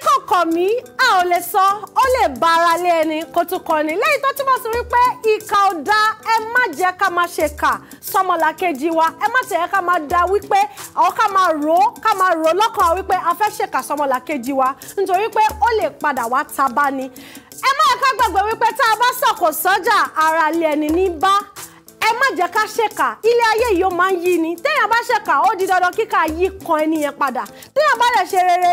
kíkọ̀kọ̀ mi a ò lè sọ ó lè bara ara lé ẹni kó tún kọ ni lẹ́yìn tó túmọ̀ sí wípé ìkà ò da ẹ má jẹ́ ká máa ṣe kà sọmọlà kejì wa ẹ má tẹ̀yẹ ká máa da wípé àwọn ká máa rò ó ká máa rò lọ́kàn wípé a fẹ́ ka sọmọlà kejì wa nítorí pé ó lè padà wá ta bá ni ẹ má ká gbàgbé wípé tá a bá sọ̀kò sọ́jà ara lé ẹni ní bá ẹ má jẹ́ ká ṣèkà ilé ayé yìí ó máa ń yí ni téèyàn bá ṣèkà ó di dandan kíkà yí kan ẹni yẹn padà téèyàn bá lè ṣe rere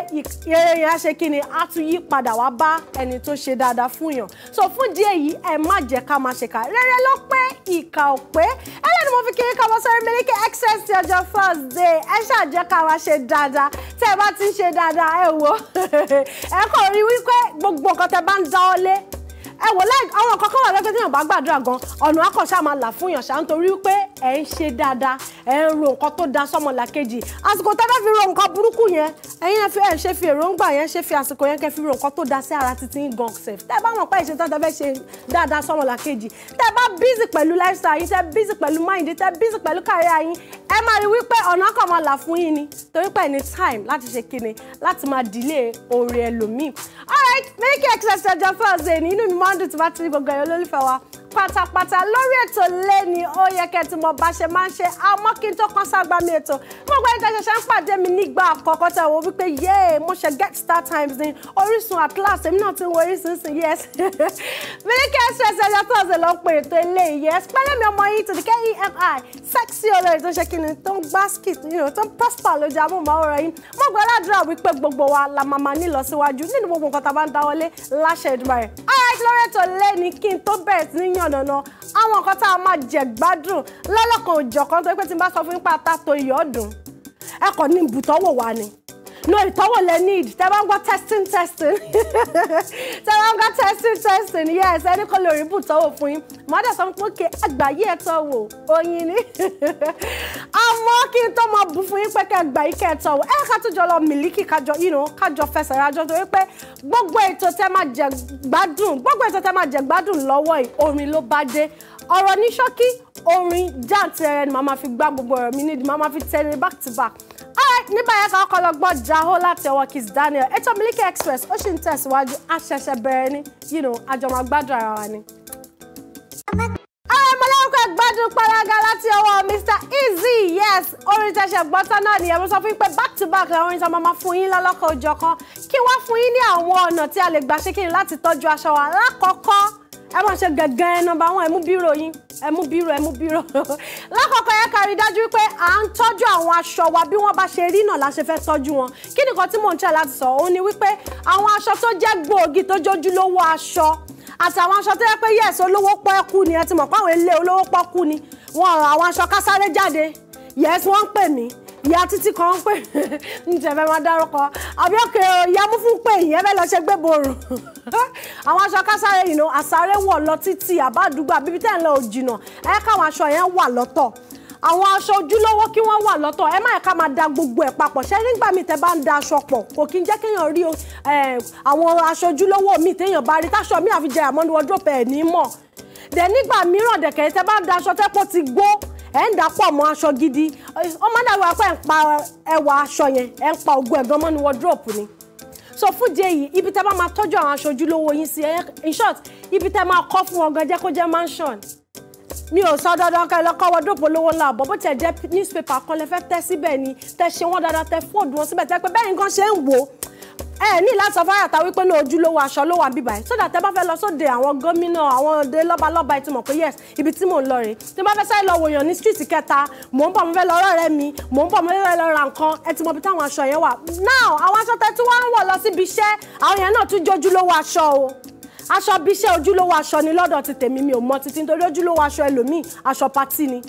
rere yẹn á ṣe kí ni á tún yí padà wá bá ẹni tó ṣe dáadáa fún yàn so fún díẹ̀ yìí ẹ má jẹ́ ká máa ṣèkà rere ló pé ìkà ò pé ẹlẹ́ni mo fi kí n kàwọ́ sọ́rí Miliki Express ti ọjọ́ first day ẹ ṣáà jẹ́ ká máa ṣe dáadáa tẹ́ ẹ bá ti ń ṣe dáadáa ẹ wo ẹ kàn rí wípé gbogbo nǹkan tẹ́ bá ń dáwọ́lé dàgbà pé téèyàn bá gbàdúrà gan ọ̀nà akọ̀ṣà máa là fún yàn ṣá nítorí pé ẹ̀ ń ṣe dáadáa ẹ̀ ń ro nǹkan tó da sọ́mọ làkejì àsìkò tẹ́fẹ́ fi ro nǹkan burúkú yẹn ẹ̀yin ẹ̀ fi ẹ̀ ṣe fi èròǹgbà yẹn ṣe fi àsìkò yẹn kẹ́ fi ro nǹkan tó da sí ara títí gan sef tẹ́ bá mọ̀ pé ìṣe tán tẹ́ bá ṣe kíni like make exercise jọ fún ọ̀sẹ̀ ní inú mi máa ń dùn tí bá ti rí gbogbo ẹ̀yọ́ pátápátá lórí ètò lẹ́ni ó yẹ kẹ́ ti mọ bá ṣe máa ń ṣe àmọ́ kí n tó kán ságbá mi ètò mo gbọ́ ẹ̀ka ṣẹ̀ṣẹ̀ ń pàdé mi nígbà àkọ́kọ́ tẹ̀ wọ́n wípé yéé mo ṣe get star times ní Orísun at èmi náà ti ń wo Orísun sí yes Miliki Express ẹ̀jẹ̀ tó ọ̀sẹ̀ lọ pé ètò ilé yes pẹ́lẹ́mi ọmọ yìí tòdì kemi sexy olórí tó ṣe kíni tó ń basket tó ń prosper lójú amóhùnmáwòrán yìí mo gbọ́ ládùúrà wípé gbogbo wa la màmá nílọsíwájú nínú gbogbo nǹkan tá a bá ń dáwọ́lé láṣẹ Èdùmàrè. all right lórí ètò lẹ́ni kí n tó bẹ̀rẹ̀ sí ní ọ̀nà náà àwọn nǹkan tá a máa jẹ gbádùn lọ́lọ́kan òjọ̀kan tó pé tí n bá sọ fún yín pátá tó iyọ̀ ọ̀dùn ẹ kàn ní ibùtọ́wò wa ni no ìtọ́wò lẹ need tẹ bá ń gbọ́ testing testing tẹ bá ń gbọ́ testing testing yes any color you put, bù tọ́wò fún yín mọ́dà sọ pé kí àgbáyé ẹ̀ tọ́wò Oh, ni àmọ́ kí n tó máa bù fún yín pé kí àgbáyé kẹ́ ẹ̀ tọ́wò ẹ̀ ká tó You know, mílíkì kájọ I just kájọ fẹsẹ̀ rájọ torí pé gbogbo ètò tẹ máa jẹ gbádùn gbogbo ètò tẹ máa jẹ gbádùn lọ́wọ́ yìí orin ló bá dé ọ̀rọ̀ ní ṣókí orin jáǹtẹ̀rẹ̀ ni mama máa fi gbá gbogbo ọ̀rọ̀ mi nídìí màá máa fi tẹ̀lé back to back ní báyẹn kan ọkọ̀ lọ́gbọ́n jaho láti ọwọ́ Kiss Daniel ètò Miliki Express ó sì ń tẹ̀síwájú àṣẹ̀ṣẹ̀ bẹ̀rẹ̀ ni you know àjọmọ̀ gbádùn ara wa ni gbádùn palaga láti ọwọ́ Mr Easy yes orin tẹ̀sẹ̀ gbọ́tán náà nìyẹn mo sọ fún yín pé back to back làwọn tí a máa fún yín lọ́lọ́kan òjọ̀kan kí wọ́n fún yín ní àwọn ọ̀nà tí a lè gbà ṣe kí ni láti tọ́jú aṣọ wa lákọ̀ọ́kọ́ ẹ máa ṣe gẹ̀gẹ́ nọmba wọn ẹ mú bírò yín ẹ mú bírò ẹ mú bírò lákọ̀ọ́kọ́ yẹ ká rí dájú pé à ń tọ́jú àwọn aṣọ wa bí wọ́n bá ṣe rí náà la ṣe fẹ́ tọ́jú wọn kí nìkan tí mò ń tẹ̀ láti sọ òun ni wípé àwọn aṣọ tó jẹ́ gbòógì tó jójúlówó aṣọ àtàwọn aṣọ tó yẹ pé yẹ̀ẹ́sì olówó pọ́ọ́kú ni ẹ ti mọ̀ pé àwọn ilé olówó pọ́ọ́kú ni wọn àwọn aṣọ kásáré jáde yẹ̀ẹ́sì wọ́n ń pè mí ìyá títí kan ń pè níjẹ́ fẹ́ máa dárúkọ àbíọ́kẹ́ ìyá mú fún pé ìyẹn fẹ́ lọ ṣe gbé borùn àwọn aṣọ kásáré yìí nù àsáré wọ̀ lọ títí àbádùgbà bíbí tẹ́ ń lọ òjìnà ẹ káwọn aṣọ yẹn wà lọ́tọ̀ àwọn aṣọ ojúlówó kí wọ́n wà lọ́tọ̀ ẹ má yẹ ká máa da gbogbo ẹ̀ papọ̀ ṣé nígbà míì tẹ́ bá ń da aṣọ pọ̀ kò kí n jẹ́ kéèyàn rí àwọn aṣọ ojúlówó míì téèyàn bá rí táṣọ míì àfi jẹ àmọ́ ní wọ́dúrópẹ̀ ẹ̀ ní mọ̀ dẹ̀ nígbà mìíràn dẹ̀kẹ́ tẹ́ bá ń da aṣọ tẹ́pọ̀ ti gbó ẹ̀ ń dà pọ̀ mọ́ aṣọ gidi ó máa dàrú apá ẹ̀ ń pa ẹwà aṣọ yẹn ẹ̀ ń pa ògùn ẹ̀gán mọ́ ní wọ́dúrọ̀pù ni so fún di èyí ibi tẹ́ máa tọ́jú àwọn aṣọ ojúlówó yín sí in short ibi tẹ́ máa kọ́ fún wọn gan jẹ́ kó jẹ́ mansion mi ò sọ dandan ká ẹ lọ kọ́ wọ́dúrọ̀pù olówó ńlá àbọ̀ bó tiẹ̀ jẹ́ newspaper kan lẹ fẹ́ tẹ́ síbẹ̀ ni tẹ́ ṣe wọ́n dáadáa tẹ́ fóòdù wọn síbẹ̀ tẹ́ pé bẹ́ẹ̀ nǹkan ṣe ń wò ó ẹ ní láti sọ fáyà ta wípé ní ojúlówó aṣọ ló wà bíbáyé sódà tẹ bá fẹ́ lọ sóde àwọn gómìnà àwọn òde lọ́balọ́ba ìtumọ̀ pé yes ibi tí mò ń lọ rèé tí mo bá fẹ́ sáré lọ wòyàn ní street kẹta mò ń bọ̀ mo fẹ́ lọ rọrẹ mi mò ń bọ̀ mo fẹ́ lọ ra nǹkan ẹ ti mọ ibi táwọn aṣọ yẹn wà now àwọn aṣọ tẹ tí wọn ń wọ lọ síbi iṣẹ́ àwọn yẹn náà tún jójúlówó aṣọ o aṣọ bíṣẹ́ ojúlówó aṣọ ni lọ́dọ̀ ti tèmi mi ò mọ títí nítorí ojúlówó aṣọ ẹlòmíì aṣọ patí ni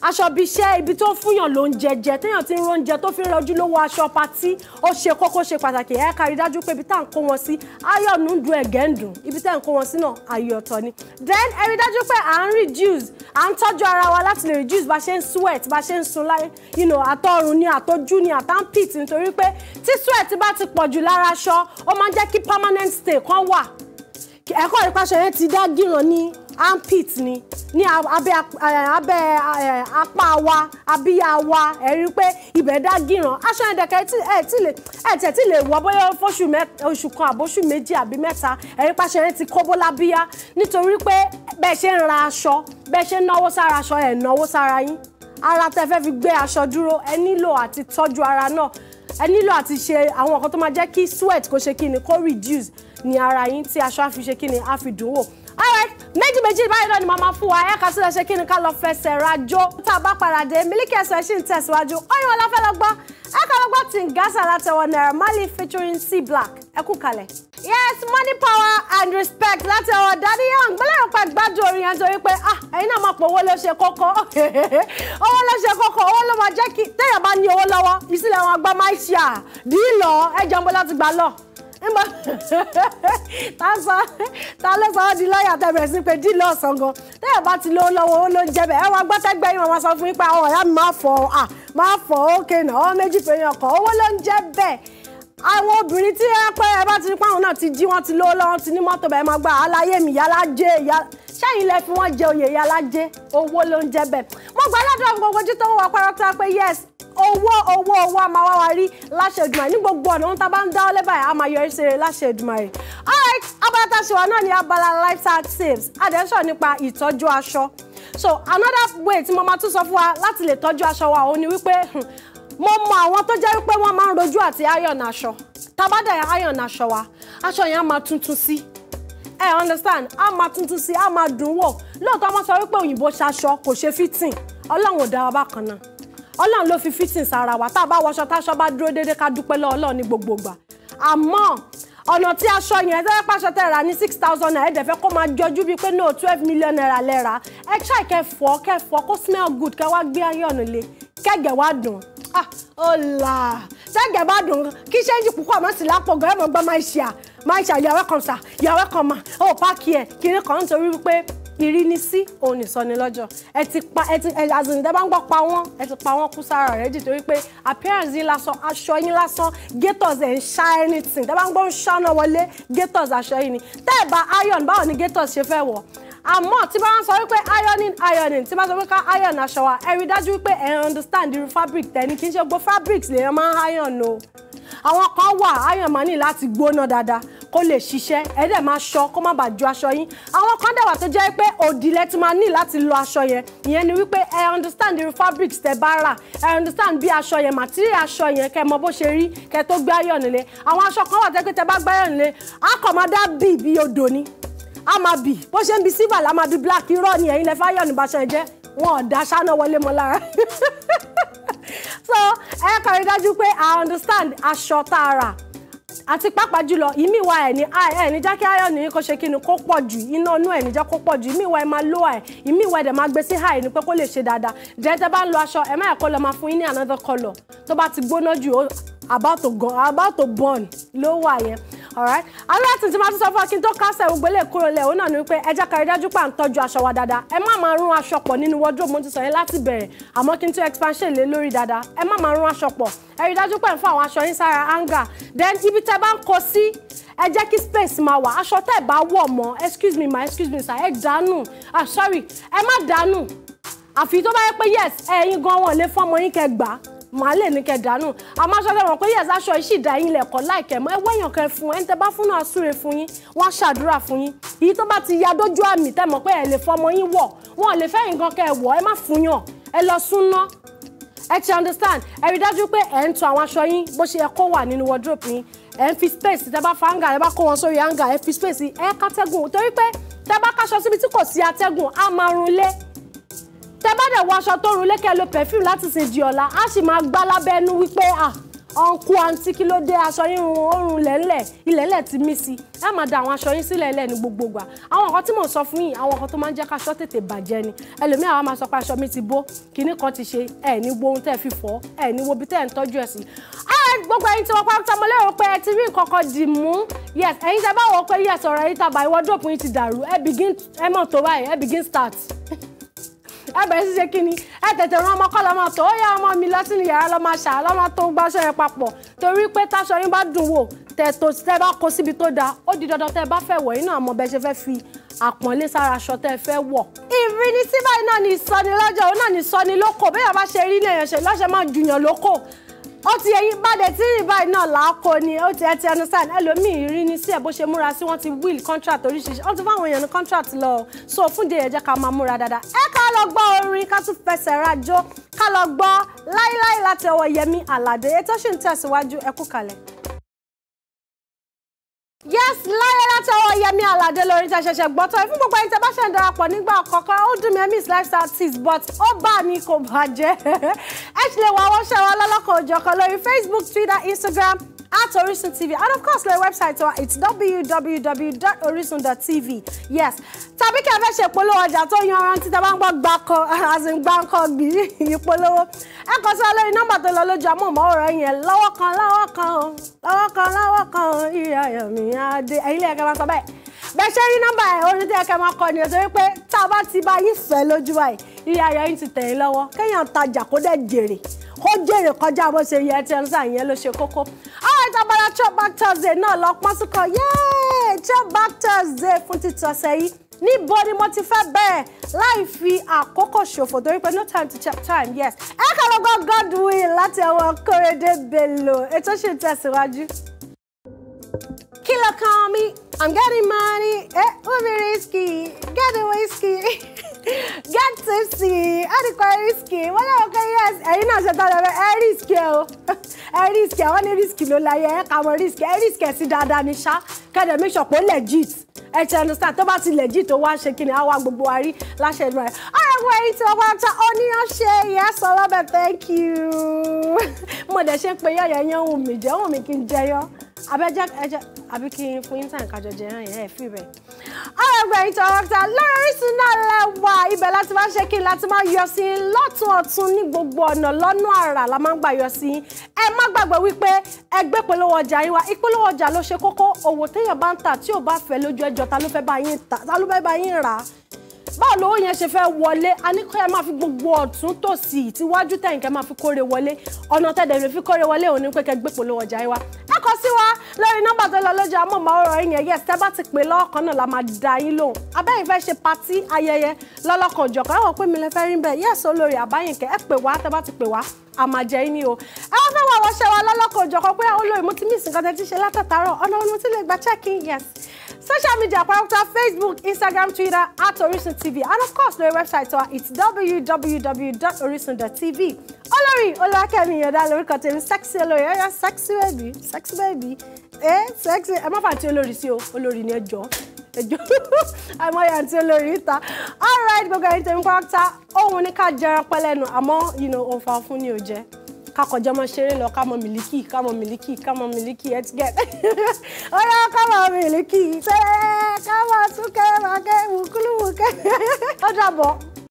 aṣọ bíi iṣẹ́ ibi tó ń fúyàn ló ń jẹjẹ téèyàn ti ń róúnjẹ tó fi ń rọjú lówó aṣọ patí ó ṣe kókó ṣe pàtàkì ẹ kárí dájú pé ibi tá à ń kó wọn sí ayọ̀nù ń dun ẹ̀gẹ́ ń dùn ibi tá à ń kó wọn sí náà ayọ̀ ọ̀tọ̀ ni then ẹ rí dájú pé à ń reduce à ń tọ́jú ara wa láti lè reduce bá ṣe ń sweat bá ṣe ń sun láyé you know àtọrùn ni àtọjú ni àtàǹpìt nítorí pé tí sweat bá ti pọ̀jù lára aṣọ ó máa ń jẹ́ permanent stay kan wà ẹ̀kọ́ ìpàṣẹ yẹn ti dá gíràn ní armpit ni ní abẹ́ abẹ́ apá wa abíyá wa ẹ rí i pé ibẹ̀ dá gíràn aṣọ ẹ̀dẹ̀kẹ́ ẹ̀ tí lè ẹ̀ tẹ̀ tí lè wọ bóyá fóṣù oṣù kan àbóṣù méjì àbí mẹ́ta ẹ rí i pàṣẹ yẹn ti kóbó lábíyá nítorí pé bẹ́ẹ̀ ṣe ń ra aṣọ bẹ́ẹ̀ ṣe ń náwó sára aṣọ ẹ̀ náwó sára yín ara tẹ́ fẹ́ fi gbé aṣọ dúró ẹ nílò àti tọ́jú ara náà ẹ nílò àti ṣe àwọn nǹkan tó máa jẹ́ kí sweat kó ṣe kí ni kó reduce ní ara yín tí aṣọ á ṣe kí ni dùn wò alright méjì méjì báyìí náà ni màá máa fún wa ẹ̀ka sílẹ̀ ṣe kí ni ká lọ fẹsẹ̀ rajó tá a bá paradé Miliki Express ṣì ń tẹ̀síwájú ọyún wọn láfẹ́ lọ gbọ́ ẹ̀ka lọ gbọ́ Tingasa látẹ̀wọ̀ Naira Marley featuring C Black ẹ kú kalẹ̀. yes money power and respect láti ọwọ́ Daddy Yankee gbẹ́lẹ́rù pa gbádùn orin yẹn torí pé ah ẹ̀yin náà máa pọ̀ owó ló ṣe kókó owó ló ṣe kókó owó ló máa jẹ́ kí téèyàn bá ní owó lọ́wọ́ ìsílẹ̀ wọn gbá máa ń ṣe à dì í lọ ẹ jẹun bó nígbà tá sọ tá a sọ ọ́ di lọ́ọ̀yà tẹ bẹ̀rẹ̀ sí pé dí lọ́ọ̀sán gan tẹ́yà bá ti lówó lọ́wọ́ ó ló ń jẹ́ bẹ̀ ẹ wá gbọ́tẹ́gbẹ́ yìí wọ́n sọ fún yín pé àwọn ọ̀yá mi máa fọ̀ ọ́ máa fọ̀ ọ́ òkè náà ọ́ méjì péré ọkọ̀ owó ló ń jẹ́ bẹ́ẹ̀ àwọn obìnrin tí ẹ pé ẹ bá ti pa àwọn náà ti jí wọn ti lówó lọ́wọ́ ti ní mọ́tò bẹ́ẹ̀ sẹ́yìn lẹ fi wọ́n jẹ oyè yálà jẹ́ owó ló ń jẹ́ bẹ́ẹ̀ mo gbàdúrà fún gbogbo ojú tó ń wọ pẹ́rọ́tà pé yes owó owó owó a máa wá wa rí láṣẹ Èdùmàrè ní gbogbo ọ̀nà ohun tá a bá ń dáwọ́ lé báyìí a máa yọrí sí rere láṣẹ Èdùmàrè alright abala tá a ṣe wà náà ni abala lifestyle tips adẹ́sọ̀ nípa ìtọ́jú aṣọ so another way tí mo máa tún sọ fún wa láti lè tọ́jú aṣọ wa òun ni wípé hmm, mo mọ àwọn tó jẹ́ wípé wọ́n máa ń rojú àti iron aṣọ tabada iron aṣọ wa aṣọ yẹn á máa tuntun sí ẹ understand á máa tuntun sí á máa dùn wò lóòótọ́ wọ́n sọ wípé òyìnbó ṣaṣọ kò ṣe fitting ọlọ́run ò dá bákan náà ọlọ́run ló fi fitting sára wa tá a bá wọṣọ táṣọ bá dúró déédéé ká dúpẹ́ lọ́wọ́ ọlọ́run ní gbogbo ìgbà àmọ́ ọ̀nà tí aṣọ yẹn tẹ́lẹ̀ pàṣẹ tẹ̀ rà ní six thousand naira ẹ̀dẹ̀fẹ́ kó máa jọjú bíi pé no twelve million naira lẹ́ra ẹ try kẹfọ́ kẹfọ́ kó smell good kẹ wá gbé ayé ọ̀nà le kẹ́gẹ̀ wá dùn ah ọ̀la ṣẹ́gẹ̀ bá dùn kí ṣẹ́ńjì púpọ̀ àmọ́ sí lápò gan ẹ̀ mọ̀ gbọ́ máa ṣe à máa ṣe à yàwẹ́ kan sà yàwẹ́ kan mà ó pààkì ẹ̀ kiri kan nítorí wípé ìrínisí òun nìsọnilọ́jọ̀ ẹ ti pa ẹ ti ẹ àzìǹdẹ́ bá ń gbọ́ pa wọ́n ẹ ti pa wọ́n kú sára rẹ̀ jìtò wípé appearance yín lásán aṣọ yín lásán gators ẹ̀ ń ṣá anything tẹ́ bá ń gbọ́ ń ṣáná wọlé gators aṣọ yín ni tẹ́ ẹ̀ bá iron báwo ni gators ṣe fẹ́ wọ̀ àmọ́ tí bá ń sọ wípé ironing ironing tí bá sọ pé iron aṣọ wa ẹ rí dájú wípé ẹ understand the fabric tẹ́ ní kì í ṣe gbogbo fabrics lèèyàn máa ń iron o. No àwọn kan wà iron máa ní láti gbóná dáadáa kó lè ṣiṣẹ́ ẹ dẹ̀ máa ṣọ kó má bàa ju aṣọ yín àwọn kan dẹ̀ wà tó jẹ́ pé òdìlẹ̀ ti máa ní láti lo aṣọ yẹn ìyẹn ni wípé ẹ understand the fabrics tẹ bá rà ẹ understand bí aṣọ yẹn material aṣọ yẹn kẹ mọ bó ṣe rí kẹ tó gbé iron nílé àwọn aṣọ kan wà tẹ́ pé tẹ bá gbé iron nílé á kọ̀ máa dá bì bí odò ni á máa bì bó ṣe ń bi silver la máa bi black irọ́ ni ẹ̀yin lẹ fáyọ̀ níbaṣọ ẹ jẹ́ wọn ò dá ṣáná wọlé mọ́ lára so ẹ kàn rí dájú pé i understand aṣọ tá a rà àti pàápàá jùlọ ìmí wa ẹ̀ ní i ẹ̀ ní jẹ́ kí iron yìí kó ṣe kí ni kó pọ̀ jù iná inú ẹ̀ ní jẹ́ kó pọ̀ jù ìmí wa ẹ̀ máa lo ẹ̀ ìmí wa ẹ̀ dẹ̀ máa gbé sí high ni pé kó lè ṣe dáadáa jẹ́ tẹ́ bá ń lo aṣọ ẹ̀ má yẹ kó lọ máa fún yín ní another colour tó bá ti gbóná jù about to burn ló wà yẹn alright aláàtì tí máa tún sọ fún akin tó kásẹ̀ gbogbo ilé kúrò lẹ̀ òun náà ni wípé ẹ jẹ́ ká rí dájú pé à ń tọ́jú aṣọ wa dáadáa ẹ má máa rún aṣọ pọ̀ nínú wardrobe mo ti sọ yẹn láti bẹ̀rẹ̀ àmọ́ kí n tún expansion lé lórí dáadáa ẹ má máa rún aṣọ pọ̀ ẹ rí dájú pé ń fún àwọn aṣọ yín sára hanger then ibi tẹ bá ń kó sí ẹ jẹ́ kí space máa wà aṣọ tẹ́ ẹ bá wọ̀ mọ́ excuse me ma excuse me sir ẹ dànù ah sorry ẹ má dànù àfi tó bá yẹ pé yes ẹ̀yin gan wọn lè fọmọ yín kẹ gbàá màá lè ní kẹ dànù àmọ́ aṣọ tẹ mọ̀ pé yẹ̀sà aṣọ yìí sì dá yín lẹ̀kọ́ láìkẹ́ mọ́ ẹwọ́ èèyàn kẹ fún ẹni tẹ bá fún náà súre fún yín wọ́n ṣàdúrà fún yín èyí tó bá ti ya dójú àmì tẹ mọ̀ pé ẹ lè fọmọ yín wọ̀ wọn lè fẹ́ yín gan kẹ wọ̀ ẹ má fún yàn ẹ lọ súnná ẹ ti understand ẹ rí dájú pé ẹ ń tò àwọn aṣọ yín bó ṣe yẹ kó wà nínú wardrobe yín ẹ ń fi space tẹ bá fa hanga ẹ bá kó wọn sórí hanga ẹ fi space ẹ kátẹ́gùn torí pé tẹ bá káṣọ síbi tí kò sí atẹ́gùn á máa run lé tẹ́ bá dẹ̀ wọ aṣọ tó rú lékè lo perfume láti sìn di ọ̀la á sì máa gbá lábẹ́nu wípé ọ̀nkú àǹtí kí ló dé aṣọ yín oorun lẹ́lẹ̀ ilẹ̀lẹ̀ ti mí sí ẹ máa da àwọn aṣọ yín sílẹ̀ ẹlẹ́ ní gbogbo gbà àwọn nǹkan tí mò ń sọ fún yín àwọn nǹkan tó máa ń jẹ́ káṣọ tètè bàjẹ́ ni ẹlòmíì àwa máa sọ pé aṣọ mi ti bó kinní kan ti ṣe ẹ ní wo ohun tẹ́ fi fọ́ ẹ ní wo bí tẹ́ ń tọ́jú ẹ̀ sí. gbogbo ẹ̀yin tí wọ́n pátá mo lérò pé ẹ ti rí nǹkan kan dì mú yes ẹ̀yin tẹ́ bá wọ pé yes ọ̀rọ̀ ẹ̀yin tàbá ìwọ́dọ̀pù yín ti dàrú ẹ begin ẹ mọ̀ tó báyìí ẹ begin start. ẹ bẹ̀rẹ̀ sí ṣe kíni ẹ tètè ran ọmọ kọ́ lọ máa tọ̀ ó yá ọmọ mi lọ sínú yàrá lọ máa ṣà lọ́mọ tó ń gbáṣọ yẹn papọ̀ torí pé táṣọ yín bá dùn wò tẹ̀tò tẹ́ bá kó síbi tó dáa ó di dandan tẹ́ bá fẹ́ wọ̀ yín náà mọ bẹ́ẹ̀ ṣe fẹ́ fi àpọ́nlé sára aṣọ tẹ́ fẹ́ wọ̀. ìrírí tí báyìí náà ní ìsọnilọ́jọ́ òun náà ní ìsọnilókò bẹ́ẹ̀ bá ṣe rí ní èèyàn ṣe lọ́ṣẹ̀ máa jùyàn lókò ó ti ẹyin bàdẹ tí rìn báyìí náà làákò ni ó ti ẹtì ẹnu sáà ẹlòmíì rí ní sí ẹ bó ṣe múra sí wọn ti will contract oríṣiríṣi wọn ti fáwọn èèyàn ní contract lọ so fún de ẹjẹ ká máa múra dáadáa ẹ ká lọ gbọ́ orin ká tún fẹsẹ̀ rajó ká lọ gbọ́ láíláí láti ọwọ́ Yẹmí Àlàdé ètò ṣì ń tẹ̀síwájú ẹ kú yes láyé látọwọ́ yẹmi aládé lórí tẹ ṣẹ̀ṣẹ̀ gbọtọ ẹ fún gbogbo go to. bá ṣe ń darapọ̀ nígbà kọ̀ọ̀kan ó dùn mí ẹmí lifestyle tips but ó bá mi kò bàjẹ́ ẹ ṣì lè wá wọ́ṣẹ́ wa lọ́lọ́kan òjọ̀kan lórí facebook twitter instagram at Orison TV and of course lórí website wa uh, it's www.orisun.tv yes tàbí kí ẹ fẹ́ ṣe ìpolówó ọjà tó yanrantí tẹ́ bá ń gbọ́ gbàkọ as in gbàǹkọ gbì ìpolówó ẹ kàn sí wa lórí nọ́mbà tó lọ lójú amóhùnmáwòrán yẹn lọ́wọ́ kan lọ́wọ́ kan lọ́wọ́ kan lọ́wọ́ kan ìyá ayọ̀ mi á dé ẹ̀yin lè kẹ́ máa sọ bẹ́ẹ̀ ṣe rí nọ́mbà ẹ̀ orin tí ẹ kẹ́ máa kọ ni ọ̀sẹ̀ wípé tá a bá ti bá yín fẹ́ lójú báyìí iye ayọ̀ yín ti tẹ̀ yín lọ́wọ́ kéèyàn tajà kó dẹ̀ jèrè kó jèrè kọjá bó ṣe yẹ ẹtì ẹnsa ìyẹn ló ṣe kókó. àwọn ìtàbọ̀lá chop back thursday náà lọ pọ́n sí kan yéé chop back thursday fún títọ́sẹ̀ yìí níbo ni mo ti fẹ́ bẹ̀rẹ̀ láì fi àkókò ṣòfò torí pé no time to check time yes ẹ kàrọ̀ gan Godwill láti ọwọ́ Kórédé Bello ètò ṣì ń tẹ̀síwájú. kí ló kan mi I'm getting money, eh, ubi risky, get whiskey, get tipsy, require risky. Wọ́n lọ́wọ́ pé yes, ẹ̀yin náà ṣe tọ́lọ̀ ẹ risky o, ẹ risky, àwọn ní risky No lie, ẹ kà mọ́ risky, I risky ẹ̀ sí dáadáa can I make sure pé legit. I eh, ti understand tó bá legit tó wá shaking, I ni àwa gbogbo wa rí láṣẹ ìdúrà rẹ̀. Ọ̀rẹ́ wo èyí tí wọ́n bá ta oníyàn ṣe thank you. Mo dẹ̀ ṣe pé yọ̀yọ̀ yẹn ń wù I'm jẹ́ wù mí kí abẹ́jẹ́ ẹ̀jẹ̀ àbí kí n fún yín kájọ jẹ ẹran yẹn ẹ̀fì rẹ̀. ọ̀rẹ́gbẹ̀ ìtọ̀ ọ̀tà lórí Orísun náà lẹ́wà ibẹ̀ láti máa ṣe kí n láti máa yọ sí lọ́tún ọ̀tún ní gbogbo ọ̀nà lọ́nà àrà la máa ń gbà yọ sí ẹ má gbàgbé wípé ẹgbẹ́ polówó ọjà yín wa ìpolówó ọjà ló ṣe kókó òwò téèyàn bá ń tà tí ò bá fẹ́ lójú ẹjọ́ ta ló fẹ́ bá yín rà báwo lówó yẹn ṣe fẹ́ wọlé a ní kó yẹ máa fi gbogbo ọ̀tún tòsì tíwájú tẹ̀yìn kẹ́ máa fi kórè wọlé ọ̀nà tẹ̀dẹ̀ rẹ̀ fi kórè wọlé òní pé kẹ́ gbé polówó ọjà yín wá. ẹ kọ sí wa lórí nọ́mbà tó lọ lójú amóhùnmáwòrán yín yẹn yes tẹ́ bá ti pè lọ́ọ̀kan náà la máa da yín lóhùn abẹ́yìn fẹ́ ṣe patí ayẹyẹ lọ́lọ́kan òjọ̀kan àwọn pé mi lè fẹ́ rí bẹ́ẹ̀ yes olórí àbáyìnkẹ́ ẹ pè wá tẹ́ bá ti pè wá yín ni o ẹ wá fẹ́ wá wọṣẹ́ wa lọ́lọ́kan òjọ̀kan pé olórí mo ti mí ìsìnkàn tẹ́ ti ṣe látàtàrọ̀ ọ̀nà òun mo ti lè gba check in yes social media pátápátá facebook instagram twitter at Orison tv and of course lórí website wa it's www.orisun.tv olórí olùwàkẹ́mi ìyọ̀dá lórúkọ tèmi sexy olórí ẹ̀yà sexy baby sexy baby Eh, sexy ẹ̀ má fàtí olórí sí o olórí ni ẹ jọ ẹjọ àmọ́ yà àti olórí ìta all right gbogbo ẹni tèmi pátápátá òun ní ká jẹran pẹ́lẹ́nu àmọ́ ọ̀fà fún ni ò jẹ́ ká kọjá mọ́ ṣeré lọ ká mọ mílíkì ká mọ mílíkì ká mọ mílíkì ẹ ti gẹ̀ ọ̀rọ̀ ká mọ mílíkì ṣe ká mọ túnkẹ́ màkẹ́ wùkúlùwùkẹ́ ó dàbọ̀.